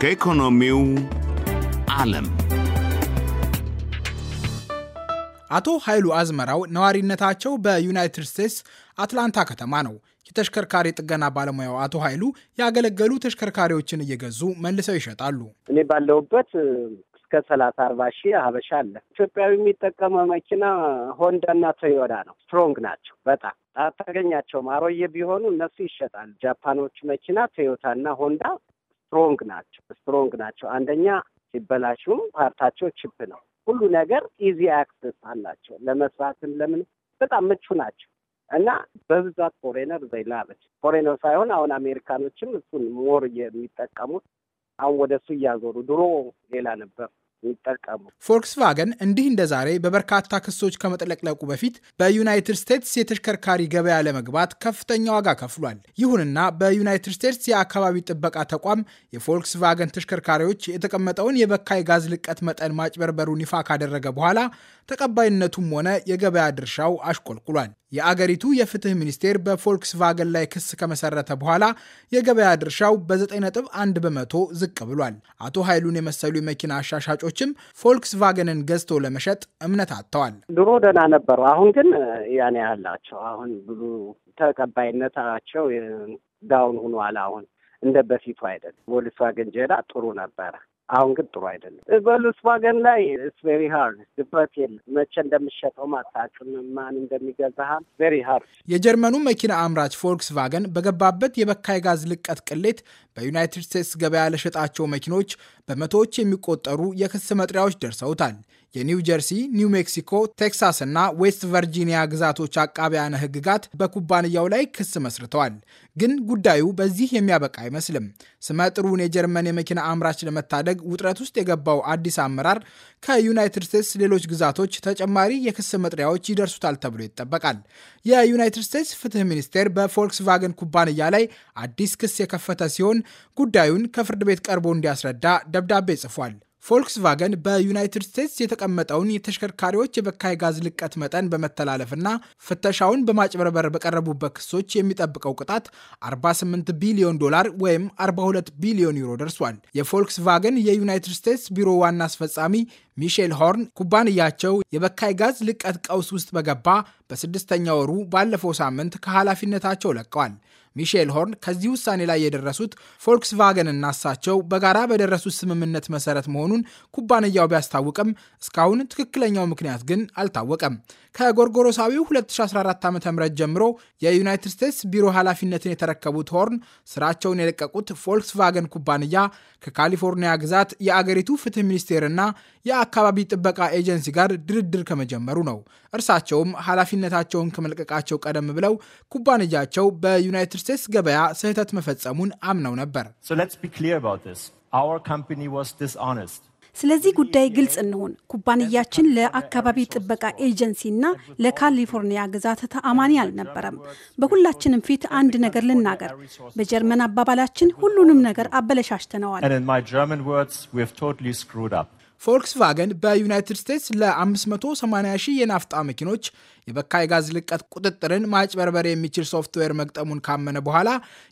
ከኢኮኖሚው ዓለም አቶ ኃይሉ አዝመራው ነዋሪነታቸው በዩናይትድ ስቴትስ አትላንታ ከተማ ነው። የተሽከርካሪ ጥገና ባለሙያው አቶ ኃይሉ ያገለገሉ ተሽከርካሪዎችን እየገዙ መልሰው ይሸጣሉ። እኔ ባለውበት እስከ ሰላሳ አርባ ሺህ ሀበሻ አለ። ኢትዮጵያዊ የሚጠቀመው መኪና ሆንዳና ቶዮዳ ነው። ስትሮንግ ናቸው በጣም አታገኛቸውም። አሮዬ ቢሆኑ እነሱ ይሸጣል። ጃፓኖች መኪና ቶዮታና ሆንዳ ስትሮንግ ናቸው። ስትሮንግ ናቸው። አንደኛ ሲበላሹም ፓርታቸው ችፕ ነው። ሁሉ ነገር ኢዚ አክሰስ አላቸው። ለመስራትም ለምን በጣም ምቹ ናቸው እና በብዛት ፎሬነር ዘይላበች ፎሬነር ሳይሆን አሁን አሜሪካኖችም እሱን ሞር የሚጠቀሙት አሁን ወደ እሱ እያዞሩ ድሮ ሌላ ነበር። ይጠቀሙ። ፎልክስቫገን እንዲህ እንደ ዛሬ በበርካታ ክሶች ከመጥለቅለቁ በፊት በዩናይትድ ስቴትስ የተሽከርካሪ ገበያ ለመግባት ከፍተኛ ዋጋ ከፍሏል። ይሁንና በዩናይትድ ስቴትስ የአካባቢ ጥበቃ ተቋም የፎልክስቫገን ተሽከርካሪዎች የተቀመጠውን የበካይ ጋዝ ልቀት መጠን ማጭበርበሩን ይፋ ካደረገ በኋላ ተቀባይነቱም ሆነ የገበያ ድርሻው አሽቆልቁሏል። የአገሪቱ የፍትህ ሚኒስቴር በፎልክስቫገን ላይ ክስ ከመሰረተ በኋላ የገበያ ድርሻው በ9.1 በመቶ ዝቅ ብሏል። አቶ ኃይሉን የመሰሉ የመኪና አሻሻጮችም ፎልክስቫገንን ገዝቶ ለመሸጥ እምነት አጥተዋል። ድሮ ደህና ነበሩ፣ አሁን ግን ያኔ ያላቸው አሁን ብዙ ተቀባይነታቸው ዳውን ሆኗል። አሁን እንደ በፊቱ አይደለም። ቮልክስቫገን ጄዳ ጥሩ ነበረ። አሁን ግን ጥሩ አይደለም። ቮልስዋገን ላይ ኢትስ ቬሪ ሃርድ ድፍረት የለም። መቼ እንደምሸጠው አታውቅም፣ ማን እንደሚገዛህም ቬሪ ሃርድ። የጀርመኑ መኪና አምራች ቫገን በገባበት የበካይ ጋዝ ልቀት ቅሌት በዩናይትድ ስቴትስ ገበያ ለሸጣቸው መኪኖች በመቶዎች የሚቆጠሩ የክስ መጥሪያዎች ደርሰውታል። የኒው ጀርሲ፣ ኒው ሜክሲኮ፣ ቴክሳስ እና ዌስት ቨርጂኒያ ግዛቶች አቃቢያነ ህግጋት በኩባንያው ላይ ክስ መስርተዋል። ግን ጉዳዩ በዚህ የሚያበቃ አይመስልም። ስመጥሩን የጀርመን የመኪና አምራች ለመታደግ ውጥረት ውስጥ የገባው አዲስ አመራር ከዩናይትድ ስቴትስ ሌሎች ግዛቶች ተጨማሪ የክስ መጥሪያዎች ይደርሱታል ተብሎ ይጠበቃል። የዩናይትድ ስቴትስ ፍትህ ሚኒስቴር በፎልክስቫገን ኩባንያ ላይ አዲስ ክስ የከፈተ ሲሆን ጉዳዩን ከፍርድ ቤት ቀርቦ እንዲያስረዳ ደብዳቤ ጽፏል። ፎልክስቫገን በዩናይትድ ስቴትስ የተቀመጠውን የተሽከርካሪዎች የበካይ ጋዝ ልቀት መጠን በመተላለፍና ፍተሻውን በማጭበርበር በቀረቡበት ክሶች የሚጠብቀው ቅጣት 48 ቢሊዮን ዶላር ወይም 42 ቢሊዮን ዩሮ ደርሷል። የፎልክስቫገን የዩናይትድ ስቴትስ ቢሮ ዋና አስፈጻሚ ሚሼል ሆርን ኩባንያቸው የበካይ ጋዝ ልቀት ቀውስ ውስጥ በገባ በስድስተኛ ወሩ ባለፈው ሳምንት ከኃላፊነታቸው ለቀዋል። ሚሼል ሆርን ከዚህ ውሳኔ ላይ የደረሱት ፎልክስቫገን እና እሳቸው በጋራ በደረሱት ስምምነት መሰረት መሆኑን ኩባንያው ቢያስታውቅም እስካሁን ትክክለኛው ምክንያት ግን አልታወቀም። ከጎርጎሮሳዊው 2014 ዓ ም ጀምሮ የዩናይትድ ስቴትስ ቢሮ ኃላፊነትን የተረከቡት ሆርን ስራቸውን የለቀቁት ፎልክስቫገን ኩባንያ ከካሊፎርኒያ ግዛት የአገሪቱ ፍትህ ሚኒስቴርና የአካባቢ ጥበቃ ኤጀንሲ ጋር ድርድር ከመጀመሩ ነው። እርሳቸውም ኃላፊነታቸውን ከመልቀቃቸው ቀደም ብለው ኩባንያቸው በዩናይትድ ስቴትስ ገበያ ስህተት መፈጸሙን አምነው ነበር። ስለዚህ ጉዳይ ግልጽ እንሆን። ኩባንያችን ለአካባቢ ጥበቃ ኤጀንሲና ለካሊፎርኒያ ግዛት ተአማኒ አልነበረም። በሁላችንም ፊት አንድ ነገር ልናገር፣ በጀርመን አባባላችን ሁሉንም ነገር አበለሻሽተነዋል። ፎልክስቫገን በዩናይትድ ስቴትስ ለ580 ሺህ የናፍጣ መኪኖች የበካይ ጋዝ ልቀት ቁጥጥርን ማጭበርበር የሚችል ሶፍትዌር መግጠሙን ካመነ በኋላ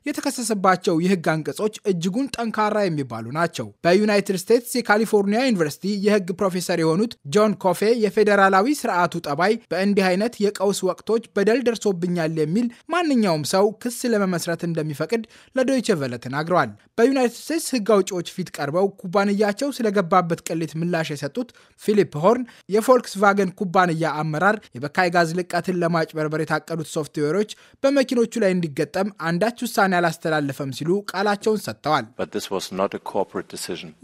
የተከሰሰባቸው የህግ አንቀጾች እጅጉን ጠንካራ የሚባሉ ናቸው። በዩናይትድ ስቴትስ የካሊፎርኒያ ዩኒቨርሲቲ የህግ ፕሮፌሰር የሆኑት ጆን ኮፌ የፌዴራላዊ ስርዓቱ ጠባይ በእንዲህ አይነት የቀውስ ወቅቶች በደል ደርሶብኛል የሚል ማንኛውም ሰው ክስ ለመመስረት እንደሚፈቅድ ለዶይቼ ቨለ ተናግረዋል። በዩናይትድ ስቴትስ ህግ አውጪዎች ፊት ቀርበው ኩባንያቸው ስለገባበት ቅሌት ምላሽ የሰጡት ፊሊፕ ሆርን የፎልክስቫገን ኩባንያ አመራር የበካይ የጋዝ ልቀትን ለማጭበርበር የታቀዱት ሶፍትዌሮች በመኪኖቹ ላይ እንዲገጠም አንዳች ውሳኔ አላስተላለፈም ሲሉ ቃላቸውን ሰጥተዋል።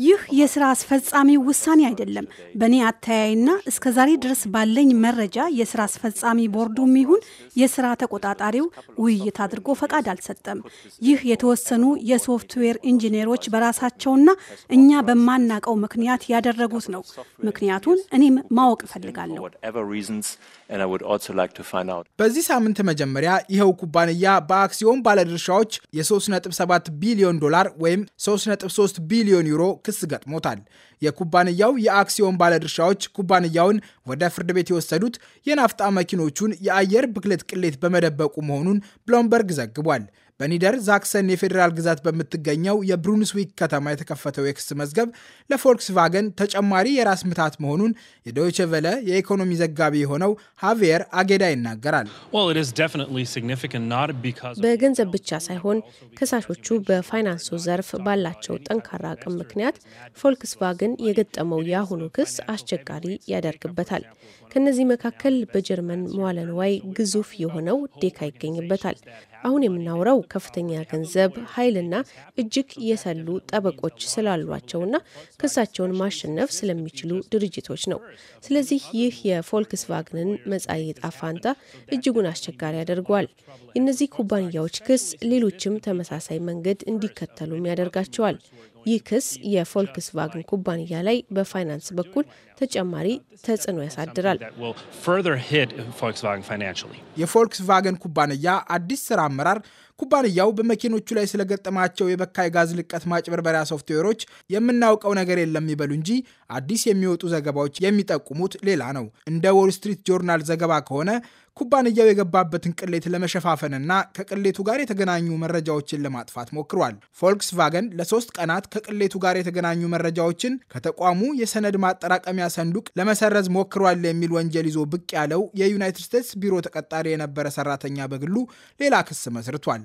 ይህ የስራ አስፈጻሚ ውሳኔ አይደለም። በእኔ አተያይና እስከ ዛሬ ድረስ ባለኝ መረጃ የስራ አስፈጻሚ ቦርዱም ይሁን የስራ ተቆጣጣሪው ውይይት አድርጎ ፈቃድ አልሰጠም። ይህ የተወሰኑ የሶፍትዌር ኢንጂነሮች በራሳቸውና እኛ በማናቀው ምክንያት ያደረጉት ነው። ምክንያቱን እኔም ማወቅ እፈልጋለሁ። በዚህ ሳምንት መጀመሪያ ይኸው ኩባንያ በአክሲዮን ባለድርሻዎች የ3.7 ቢሊዮን ዶላር ወይም 3.3 ቢሊዮን ዩሮ ክስ ገጥሞታል። የኩባንያው የአክሲዮን ባለድርሻዎች ኩባንያውን ወደ ፍርድ ቤት የወሰዱት የናፍጣ መኪኖቹን የአየር ብክለት ቅሌት በመደበቁ መሆኑን ብሎምበርግ ዘግቧል። በኒደር ዛክሰን የፌዴራል ግዛት በምትገኘው የብሩንስዊክ ከተማ የተከፈተው የክስ መዝገብ ለፎልክስቫገን ተጨማሪ የራስ ምታት መሆኑን የዶይቼ የኢኮኖሚ ዘጋቢ የሆነው ሃቪየር አጌዳ ይናገራል። በገንዘብ ብቻ ሳይሆን ከሳሾቹ በፋይናንሱ ዘርፍ ባላቸው ጠንካራ አቅም ምክንያት ፎልክስቫገን የገጠመው የአሁኑ ክስ አስቸጋሪ ያደርግበታል። ከነዚህ መካከል በጀርመን መዋለ ግዙፍ የሆነው ዴካ ይገኝበታል። አሁን የምናውረው ከፍተኛ ገንዘብ ኃይልና እጅግ የሰሉ ጠበቆች ስላሏቸውና ክሳቸውን ማሸነፍ ስለሚችሉ ድርጅቶች ነው። ስለዚህ ይህ የፎልክስቫግንን መጻኢ ዕጣ ፈንታ እጅጉን አስቸጋሪ ያደርገዋል። የእነዚህ ኩባንያዎች ክስ ሌሎችም ተመሳሳይ መንገድ እንዲከተሉም ያደርጋቸዋል። ይህ ክስ የፎልክስቫግን ኩባንያ ላይ በፋይናንስ በኩል ተጨማሪ ተጽዕኖ ያሳድራል። የፎልክስቫገን ኩባንያ አዲስ ስራ አመራር ኩባንያው በመኪኖቹ ላይ ስለገጠማቸው የበካይ ጋዝ ልቀት ማጭበርበሪያ ሶፍትዌሮች የምናውቀው ነገር የለም ይበሉ እንጂ አዲስ የሚወጡ ዘገባዎች የሚጠቁሙት ሌላ ነው። እንደ ዎል ስትሪት ጆርናል ዘገባ ከሆነ ኩባንያው የገባበትን ቅሌት ለመሸፋፈንና ከቅሌቱ ጋር የተገናኙ መረጃዎችን ለማጥፋት ሞክሯል። ፎልክስቫገን ለሶስት ቀናት ከቅሌቱ ጋር የተገናኙ መረጃዎችን ከተቋሙ የሰነድ ማጠራቀሚያ ሰንዱቅ ለመሰረዝ ሞክሯል የሚል ወንጀል ይዞ ብቅ ያለው የዩናይትድ ስቴትስ ቢሮ ተቀጣሪ የነበረ ሰራተኛ በግሉ ሌላ ክስ መስርቷል።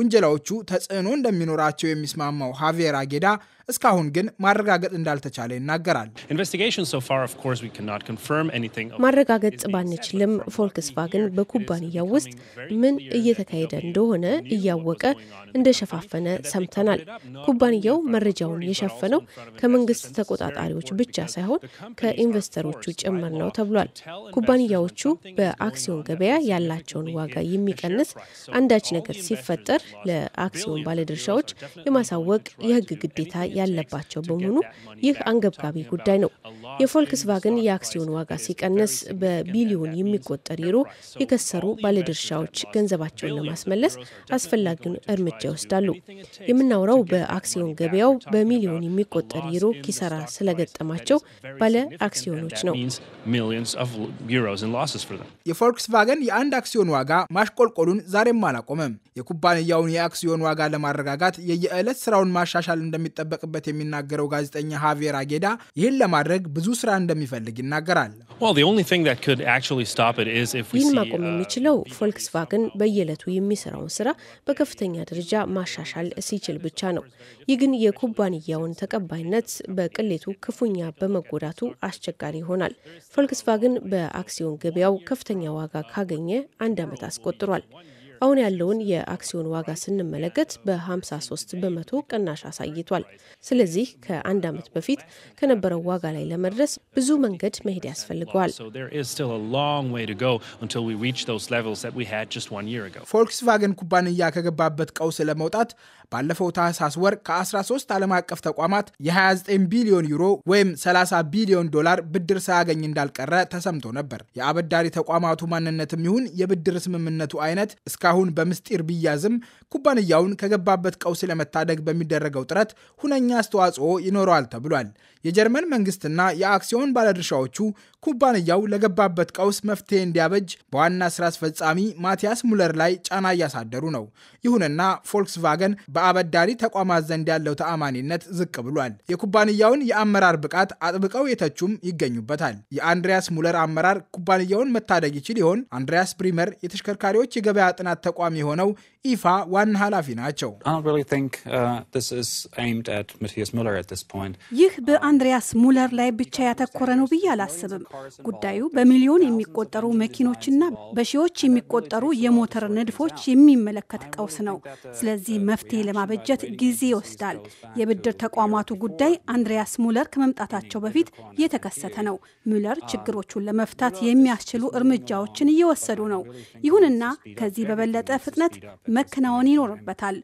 ውንጀላዎቹ ተጽዕኖ እንደሚኖራቸው የሚስማማው ሃቪየር አጌዳ እስካሁን ግን ማረጋገጥ እንዳልተቻለ ይናገራል። ማረጋገጥ ባንችልም ፎልክስቫግን በኩባንያው ውስጥ ምን እየተካሄደ እንደሆነ እያወቀ እንደሸፋፈነ ሰምተናል። ኩባንያው መረጃውን የሸፈነው ከመንግስት ተቆጣጣሪዎች ብቻ ሳይሆን ከኢንቨስተሮቹ ጭምር ነው ተብሏል። ኩባንያዎቹ በአክሲዮን ገበያ ያላቸውን ዋጋ የሚቀንስ አንዳች ነገር ሲፈጠር ለአክሲዮን ባለድርሻዎች የማሳወቅ የህግ ግዴታ ያለባቸው በመሆኑ ይህ አንገብጋቢ ጉዳይ ነው። የፎልክስቫገን የአክሲዮን ዋጋ ሲቀንስ በቢሊዮን የሚቆጠር ዩሮ የከሰሩ ባለድርሻዎች ገንዘባቸውን ለማስመለስ አስፈላጊውን እርምጃ ይወስዳሉ። የምናውራው በአክሲዮን ገበያው በሚሊዮን የሚቆጠር ዩሮ ኪሰራ ስለገጠማቸው ባለ አክሲዮኖች ነው። የፎልክስቫገን የአንድ አክሲዮን ዋጋ ማሽቆልቆሉን ዛሬም አላቆመም። የኩባንያ የኢትዮጵያውን የአክሲዮን ዋጋ ለማረጋጋት የየዕለት ስራውን ማሻሻል እንደሚጠበቅበት የሚናገረው ጋዜጠኛ ሃቬር አጌዳ ይህን ለማድረግ ብዙ ስራ እንደሚፈልግ ይናገራል። ይህን ማቆም uh, የሚችለው ፎልክስቫግን በየዕለቱ የሚሰራውን ስራ በከፍተኛ ደረጃ ማሻሻል ሲችል ብቻ ነው። ይህ ግን የኩባንያውን ተቀባይነት በቅሌቱ ክፉኛ በመጎዳቱ አስቸጋሪ ይሆናል። ፎልክስቫግን በአክሲዮን ገበያው ከፍተኛ ዋጋ ካገኘ አንድ ዓመት አስቆጥሯል። አሁን ያለውን የአክሲዮን ዋጋ ስንመለከት በ53 በመቶ ቅናሽ አሳይቷል። ስለዚህ ከአንድ ዓመት በፊት ከነበረው ዋጋ ላይ ለመድረስ ብዙ መንገድ መሄድ ያስፈልገዋል። ፎልክስቫገን ኩባንያ ከገባበት ቀውስ ለመውጣት ባለፈው ታህሳስ ወር ከ13 ዓለም አቀፍ ተቋማት የ29 ቢሊዮን ዩሮ ወይም 30 ቢሊዮን ዶላር ብድር ሳያገኝ እንዳልቀረ ተሰምቶ ነበር። የአበዳሪ ተቋማቱ ማንነትም ይሁን የብድር ስምምነቱ አይነት እስከ እስካሁን በምስጢር ቢያዝም ኩባንያውን ከገባበት ቀውስ ለመታደግ በሚደረገው ጥረት ሁነኛ አስተዋጽኦ ይኖረዋል ተብሏል። የጀርመን መንግስትና የአክሲዮን ባለድርሻዎቹ ኩባንያው ለገባበት ቀውስ መፍትሄ እንዲያበጅ በዋና ስራ አስፈጻሚ ማቲያስ ሙለር ላይ ጫና እያሳደሩ ነው። ይሁንና ፎልክስቫገን በአበዳሪ ተቋማት ዘንድ ያለው ተአማኒነት ዝቅ ብሏል። የኩባንያውን የአመራር ብቃት አጥብቀው የተቹም ይገኙበታል። የአንድሪያስ ሙለር አመራር ኩባንያውን መታደግ ይችል ይሆን? አንድሪያስ ብሪመር የተሽከርካሪዎች የገበያ ጥናት ተቋም የሆነው ይፋ ዋና ኃላፊ ናቸው። uh, ይህ በአንድሪያስ ሙለር ላይ ብቻ ያተኮረ ነው ብዬ አላስብም። ጉዳዩ በሚሊዮን የሚቆጠሩ መኪኖችና በሺዎች የሚቆጠሩ የሞተር ንድፎች የሚመለከት ቀውስ ነው። ስለዚህ መፍትሄ ለማበጀት ጊዜ ይወስዳል። የብድር ተቋማቱ ጉዳይ አንድሪያስ ሙለር ከመምጣታቸው በፊት የተከሰተ ነው። ሙለር ችግሮቹን ለመፍታት የሚያስችሉ እርምጃዎችን እየወሰዱ ነው። ይሁንና ከዚህ በበለጠ ፍጥነት መከናወን ይኖርበታል።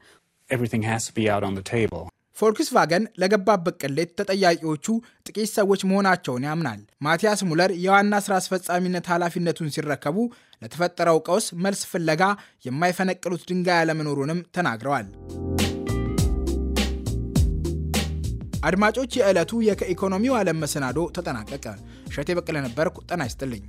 ፎልክስቫገን ለገባበት ቅሌት ተጠያቂዎቹ ጥቂት ሰዎች መሆናቸውን ያምናል። ማቲያስ ሙለር የዋና ስራ አስፈጻሚነት ኃላፊነቱን ሲረከቡ ለተፈጠረው ቀውስ መልስ ፍለጋ የማይፈነቅሉት ድንጋይ አለመኖሩንም ተናግረዋል። አድማጮች፣ የዕለቱ የከኢኮኖሚው ዓለም መሰናዶ ተጠናቀቀ። እሸቴ በቀለ ነበርኩ። ጤና ይስጥልኝ።